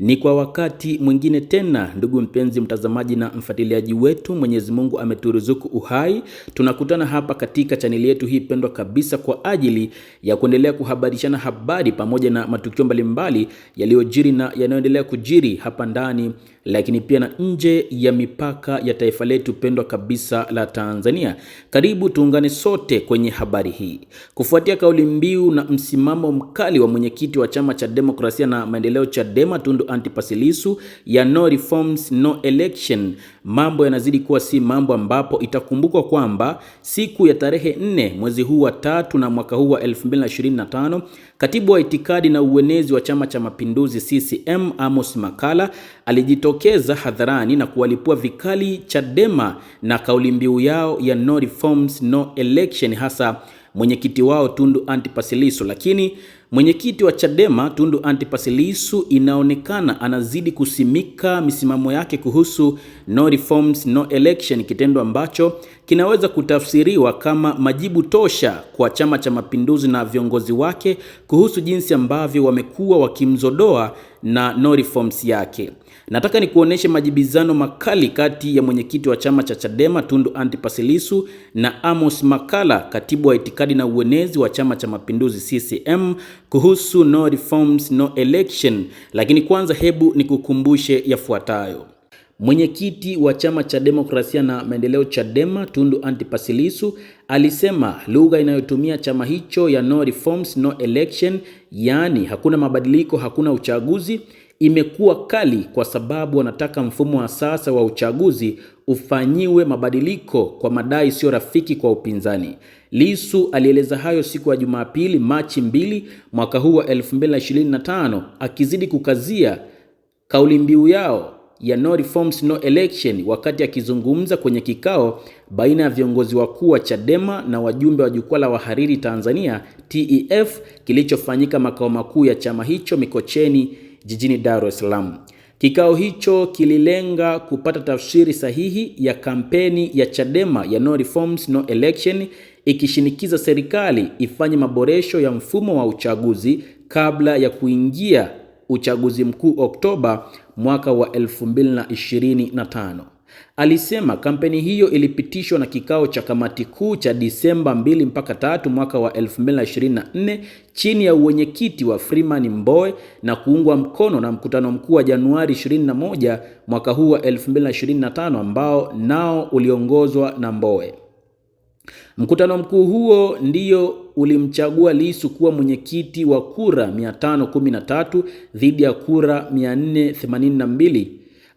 Ni kwa wakati mwingine tena, ndugu mpenzi mtazamaji na mfuatiliaji wetu, Mwenyezi Mungu ameturuzuku uhai, tunakutana hapa katika chaneli yetu hii pendwa kabisa kwa ajili ya kuendelea kuhabarishana habari pamoja na matukio mbalimbali yaliyojiri na yanayoendelea kujiri hapa ndani, lakini pia na nje ya mipaka ya taifa letu pendwa kabisa la Tanzania. Karibu tuungane sote kwenye habari hii. Kufuatia kauli mbiu na msimamo mkali wa mwenyekiti wa Chama cha Demokrasia na Maendeleo, Chadema, Tundu antipasilisu Antipas Lissu ya no reforms no election. Mambo yanazidi kuwa si mambo, ambapo itakumbukwa kwamba siku ya tarehe nne mwezi huu wa tatu na mwaka huu wa 2025 katibu wa itikadi na uenezi wa Chama cha Mapinduzi CCM Amos makala alijitokeza hadharani na kuwalipua vikali Chadema na kauli mbiu yao ya no reforms no election hasa mwenyekiti wao Tundu Antipas Lissu, lakini mwenyekiti wa Chadema Tundu Antipas Lissu inaonekana anazidi kusimika misimamo yake kuhusu no reforms no election, kitendo ambacho kinaweza kutafsiriwa kama majibu tosha kwa Chama cha Mapinduzi na viongozi wake kuhusu jinsi ambavyo wamekuwa wakimzodoa na no reforms yake. Nataka nikuoneshe majibizano makali kati ya mwenyekiti wa chama cha Chadema Tundu Antipas Lissu na Amos makala katibu wa itikadi na uenezi wa chama cha Mapinduzi CCM kuhusu no reforms, no election. Lakini kwanza hebu nikukumbushe yafuatayo. Mwenyekiti wa chama cha demokrasia na maendeleo Chadema Tundu Antipas Lissu alisema lugha inayotumia chama hicho ya no reforms no election, yaani hakuna mabadiliko hakuna uchaguzi, imekuwa kali kwa sababu wanataka mfumo wa sasa wa uchaguzi ufanyiwe mabadiliko kwa madai sio rafiki kwa upinzani. Lissu alieleza hayo siku ya Jumapili Machi 2 mwaka huu wa 2025 akizidi kukazia kauli mbiu yao ya no reforms no election wakati akizungumza kwenye kikao baina ya viongozi wakuu wa Chadema na wajumbe wa jukwaa la wahariri Tanzania TEF kilichofanyika makao makuu ya chama hicho Mikocheni jijini Dar es Salaam. Kikao hicho kililenga kupata tafsiri sahihi ya kampeni ya Chadema ya no reforms no election ikishinikiza serikali ifanye maboresho ya mfumo wa uchaguzi kabla ya kuingia uchaguzi mkuu Oktoba mwaka wa 2025. Alisema kampeni hiyo ilipitishwa na kikao cha kamati kuu cha Disemba 2 mpaka 3 mwaka wa 2024 chini ya uwenyekiti wa Freeman Mbowe na kuungwa mkono na mkutano mkuu wa Januari 21 mwaka huu wa 2025 ambao nao uliongozwa na Mbowe. Mkutano mkuu huo ndio ulimchagua Lisu kuwa mwenyekiti wa kura 513 dhidi ya kura 482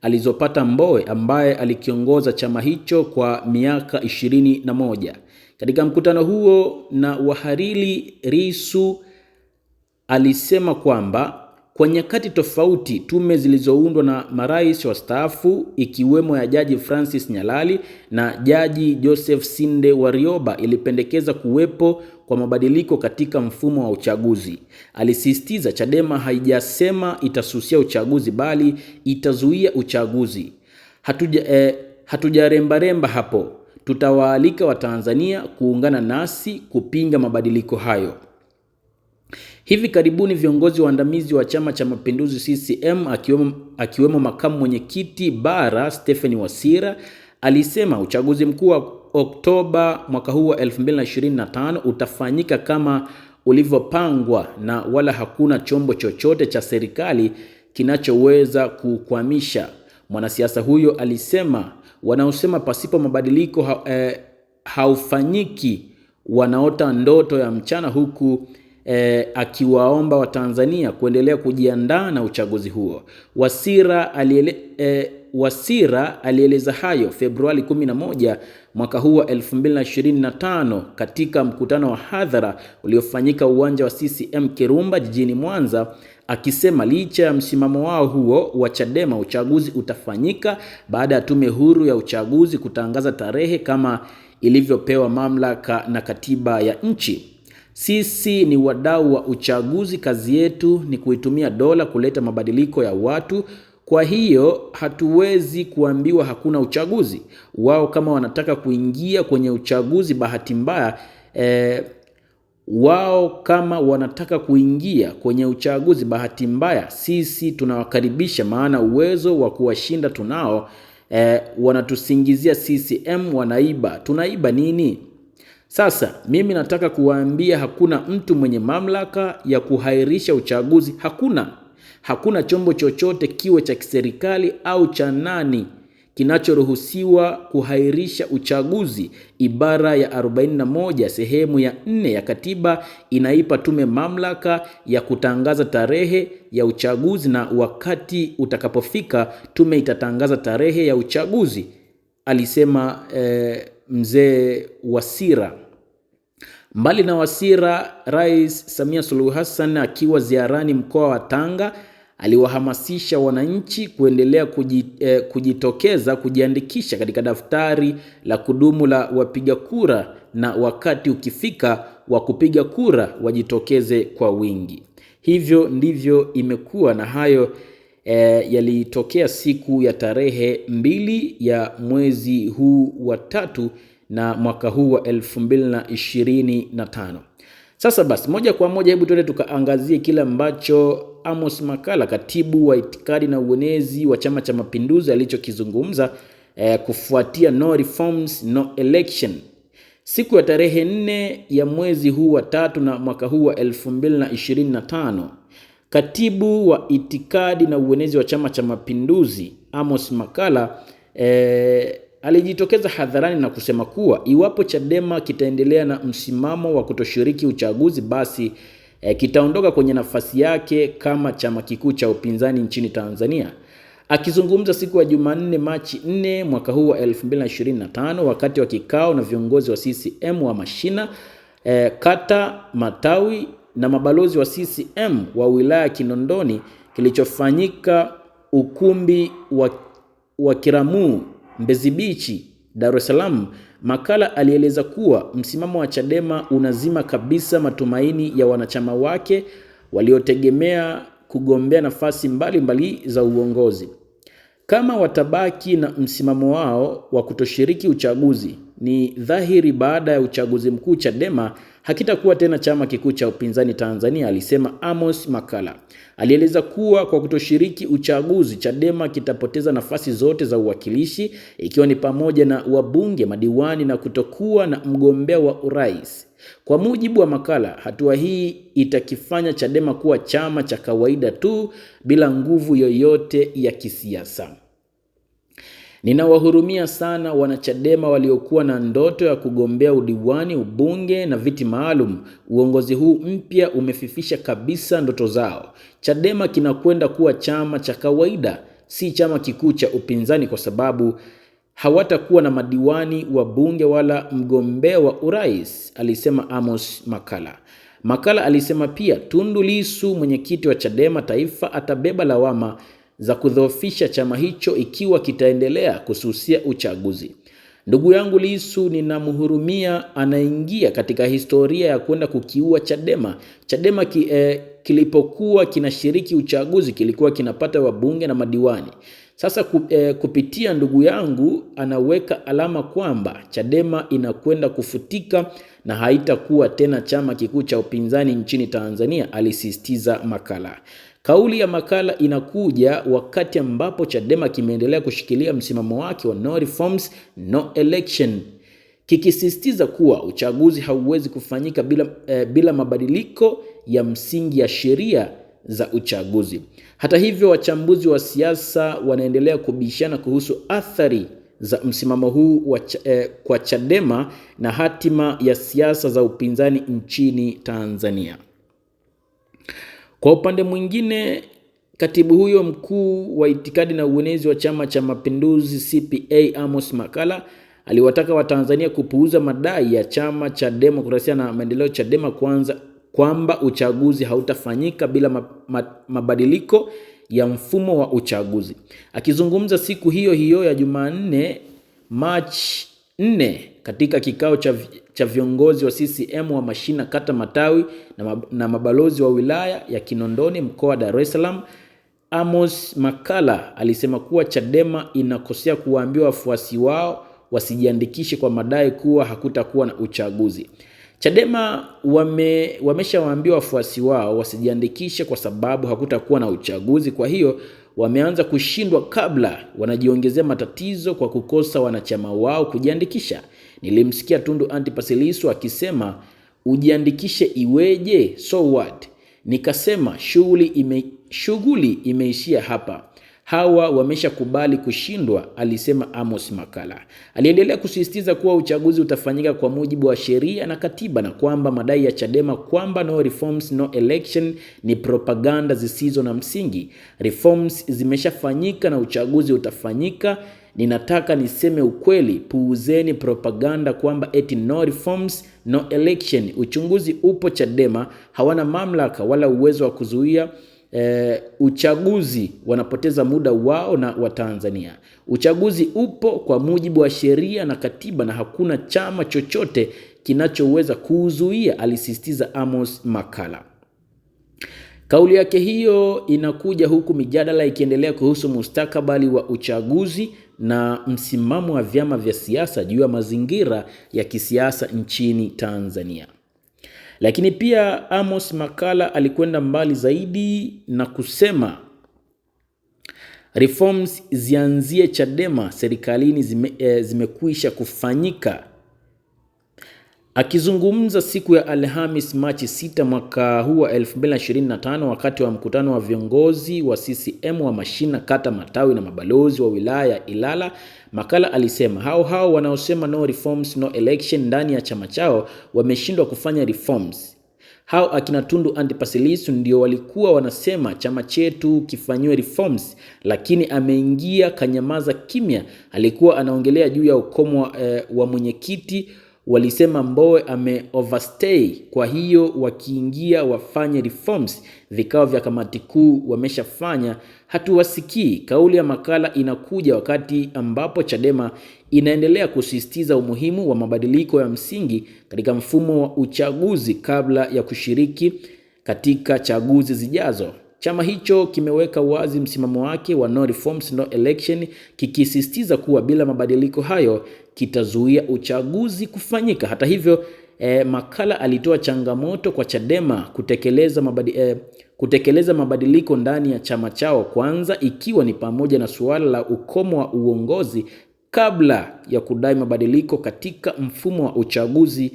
alizopata Mbowe ambaye alikiongoza chama hicho kwa miaka 21. Katika mkutano huo na wahariri, risu alisema kwamba kwa nyakati tofauti, tume zilizoundwa na marais wastaafu ikiwemo ya Jaji Francis Nyalali na Jaji Joseph Sinde Warioba ilipendekeza kuwepo kwa mabadiliko katika mfumo wa uchaguzi. Alisisitiza Chadema haijasema itasusia uchaguzi bali itazuia uchaguzi. Hatuja, eh, hatujarembaremba hapo. Tutawaalika Watanzania kuungana nasi kupinga mabadiliko hayo. Hivi karibuni viongozi waandamizi wa Chama cha Mapinduzi CCM akiwemo, akiwemo makamu mwenyekiti bara Stephen Wasira alisema uchaguzi mkuu wa Oktoba mwaka huu wa 2025 utafanyika kama ulivyopangwa na wala hakuna chombo chochote cha serikali kinachoweza kukwamisha. Mwanasiasa huyo alisema wanaosema pasipo mabadiliko ha, eh, haufanyiki wanaota ndoto ya mchana huku e, akiwaomba Watanzania kuendelea kujiandaa na uchaguzi huo. Wasira aliele, e, Wasira alieleza hayo Februari 11 mwaka huu wa 2025 katika mkutano wa hadhara uliofanyika uwanja wa CCM Kirumba jijini Mwanza, akisema licha ya msimamo wao huo wa Chadema, uchaguzi utafanyika baada ya tume huru ya uchaguzi kutangaza tarehe kama ilivyopewa mamlaka na katiba ya nchi. Sisi ni wadau wa uchaguzi. Kazi yetu ni kuitumia dola kuleta mabadiliko ya watu. Kwa hiyo hatuwezi kuambiwa hakuna uchaguzi. Wao kama wanataka kuingia kwenye uchaguzi, bahati mbaya eh, wao kama wanataka kuingia kwenye uchaguzi, bahati mbaya sisi tunawakaribisha, maana uwezo wa kuwashinda tunao. Eh, wanatusingizia CCM wanaiba. Tunaiba nini? Sasa mimi nataka kuwaambia hakuna mtu mwenye mamlaka ya kuhairisha uchaguzi. Hakuna, hakuna chombo chochote kiwe cha kiserikali au cha nani kinachoruhusiwa kuhairisha uchaguzi. Ibara ya 41 sehemu ya 4 ya katiba inaipa tume mamlaka ya kutangaza tarehe ya uchaguzi, na wakati utakapofika tume itatangaza tarehe ya uchaguzi, alisema eh, mzee Wasira. Mbali na Wasira, Rais Samia Suluhu Hassan akiwa ziarani mkoa wa Tanga aliwahamasisha wananchi kuendelea eh, kujitokeza kujiandikisha katika daftari la kudumu la wapiga kura, na wakati ukifika wa kupiga kura wajitokeze kwa wingi. Hivyo ndivyo imekuwa na hayo e, yalitokea siku ya tarehe mbili ya mwezi huu wa tatu na mwaka huu wa 2025. Sasa basi, moja kwa moja, hebu tuende tukaangazie kile ambacho Amos makala katibu wa itikadi na uenezi wa Chama cha Mapinduzi, alichokizungumza e, kufuatia no reforms, no election siku ya tarehe nne ya mwezi huu wa tatu na mwaka huu wa 2025 Katibu wa itikadi na uenezi wa Chama cha Mapinduzi Amos makala e, alijitokeza hadharani na kusema kuwa iwapo Chadema kitaendelea na msimamo wa kutoshiriki uchaguzi basi e, kitaondoka kwenye nafasi yake kama chama kikuu cha upinzani nchini Tanzania. Akizungumza siku ya Jumanne Machi 4 mwaka huu wa 2025 wakati wa kikao na viongozi wa CCM wa mashina e, kata, matawi na mabalozi wa CCM wa wilaya ya Kinondoni kilichofanyika ukumbi wa, wa Kiramuu Mbezi Beach Dar es Salaam. Makala alieleza kuwa msimamo wa Chadema unazima kabisa matumaini ya wanachama wake waliotegemea kugombea nafasi mbalimbali mbali za uongozi. Kama watabaki na msimamo wao wa kutoshiriki uchaguzi, ni dhahiri baada ya uchaguzi mkuu Chadema hakitakuwa tena chama kikuu cha upinzani Tanzania, alisema Amos Makala. Alieleza kuwa kwa kutoshiriki uchaguzi, Chadema kitapoteza nafasi zote za uwakilishi, ikiwa ni pamoja na wabunge, madiwani na kutokuwa na mgombea wa urais. Kwa mujibu wa makala, hatua hii itakifanya Chadema kuwa chama cha kawaida tu bila nguvu yoyote ya kisiasa. Ninawahurumia sana wanachadema waliokuwa na ndoto ya kugombea udiwani, ubunge na viti maalum. Uongozi huu mpya umefifisha kabisa ndoto zao. Chadema kinakwenda kuwa chama cha kawaida, si chama kikuu cha upinzani kwa sababu hawatakuwa na madiwani wa bunge wala mgombea wa urais, alisema Amos Makala. Makala alisema pia Tundu Lissu, mwenyekiti wa Chadema Taifa, atabeba lawama za kudhoofisha chama hicho ikiwa kitaendelea kususia uchaguzi. Ndugu yangu Lissu ninamhurumia, anaingia katika historia ya kwenda kukiua Chadema. Chadema ki, eh, kilipokuwa kinashiriki uchaguzi kilikuwa kinapata wabunge na madiwani. Sasa eh, kupitia ndugu yangu anaweka alama kwamba Chadema inakwenda kufutika na haitakuwa tena chama kikuu cha upinzani nchini Tanzania, alisisitiza makala Kauli ya makala inakuja wakati ambapo Chadema kimeendelea kushikilia msimamo wake wa no reforms, no election kikisisitiza kuwa uchaguzi hauwezi kufanyika bila, eh, bila mabadiliko ya msingi ya sheria za uchaguzi. Hata hivyo, wachambuzi wa siasa wanaendelea kubishana kuhusu athari za msimamo huu wa ch eh, kwa Chadema na hatima ya siasa za upinzani nchini Tanzania. Kwa upande mwingine, katibu huyo mkuu wa itikadi na uenezi wa Chama cha Mapinduzi CPA Amos makala aliwataka Watanzania kupuuza madai ya Chama cha Demokrasia na Maendeleo Chadema kuanza kwamba uchaguzi hautafanyika bila mabadiliko ya mfumo wa uchaguzi. Akizungumza siku hiyo hiyo ya Jumanne, Machi 4 katika kikao cha, cha viongozi wa CCM wa mashina, kata, matawi na mabalozi wa wilaya ya Kinondoni mkoa wa Dar es Salaam, Amos makala alisema kuwa Chadema inakosea kuwaambia wafuasi wao wasijiandikishe kwa madai kuwa hakutakuwa na uchaguzi. Chadema wame, wameshawaambia wafuasi wao wasijiandikishe kwa sababu hakutakuwa na uchaguzi. Kwa hiyo wameanza kushindwa kabla, wanajiongezea matatizo kwa kukosa wanachama wao kujiandikisha. Nilimsikia Tundu Antipas Lissu akisema ujiandikishe iweje, so what? Nikasema shughuli ime, shughuli imeishia hapa hawa wameshakubali kushindwa, alisema Amos Makala. Aliendelea kusisitiza kuwa uchaguzi utafanyika kwa mujibu wa sheria na katiba na kwamba madai ya Chadema kwamba no reforms no election ni propaganda zisizo na msingi. Reforms zimeshafanyika na uchaguzi utafanyika. Ninataka niseme ukweli, puuzeni propaganda kwamba eti no reforms no election. Uchunguzi upo, Chadema hawana mamlaka wala uwezo wa kuzuia e, uchaguzi wanapoteza muda wao na Watanzania. Uchaguzi upo kwa mujibu wa sheria na katiba na hakuna chama chochote kinachoweza kuzuia, alisisitiza Amos Makala. Kauli yake hiyo inakuja huku mijadala ikiendelea kuhusu mustakabali wa uchaguzi na msimamo wa vyama vya siasa juu ya mazingira ya kisiasa nchini Tanzania. Lakini pia Amos Makala alikwenda mbali zaidi na kusema reforms zianzie Chadema serikalini zime, e, zimekwisha kufanyika Akizungumza siku ya Alhamis Machi 6 mwaka huu wa 2025 wakati wa mkutano wa viongozi wa CCM wa mashina, kata, matawi na mabalozi wa wilaya ya Ilala, makala alisema hao hao wanaosema no reforms no election ndani ya chama chao wameshindwa kufanya reforms. Hao akina Tundu Antipas Lissu ndio walikuwa wanasema chama chetu kifanyiwe reforms, lakini ameingia kanyamaza kimya. Alikuwa anaongelea juu ya ukomo wa, eh, wa mwenyekiti walisema Mbowe ame overstay, kwa hiyo wakiingia wafanye reforms. Vikao vya kamati kuu wameshafanya, hatuwasikii. Kauli ya makala inakuja wakati ambapo Chadema inaendelea kusisitiza umuhimu wa mabadiliko ya msingi katika mfumo wa uchaguzi kabla ya kushiriki katika chaguzi zijazo. Chama hicho kimeweka wazi msimamo wake wa no reforms no election, kikisisitiza kuwa bila mabadiliko hayo kitazuia uchaguzi kufanyika. Hata hivyo eh, Makala alitoa changamoto kwa Chadema kutekeleza mabadi, eh, kutekeleza mabadiliko ndani ya chama chao, kwanza ikiwa ni pamoja na suala la ukomo wa uongozi kabla ya kudai mabadiliko katika mfumo wa uchaguzi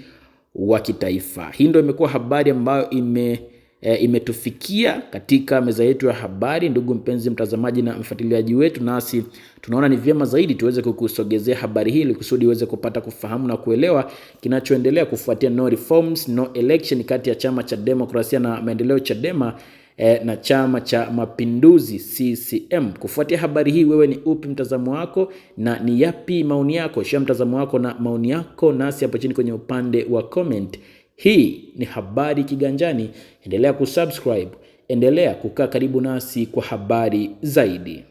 wa kitaifa. Hii ndio imekuwa habari ambayo ime e, imetufikia katika meza yetu ya habari. Ndugu mpenzi mtazamaji na mfuatiliaji wetu, nasi tunaona ni vyema zaidi tuweze kukusogezea habari hii ili kusudi uweze kupata kufahamu na kuelewa kinachoendelea kufuatia no reforms, no election kati ya chama cha demokrasia na maendeleo Chadema e, na chama cha mapinduzi CCM. Kufuatia habari hii, wewe ni upi mtazamo wako na ni yapi maoni yako? Shia mtazamo wako na maoni yako nasi hapo chini kwenye upande wa comment. Hii ni Habari Kiganjani. Endelea kusubscribe, endelea kukaa karibu nasi kwa habari zaidi.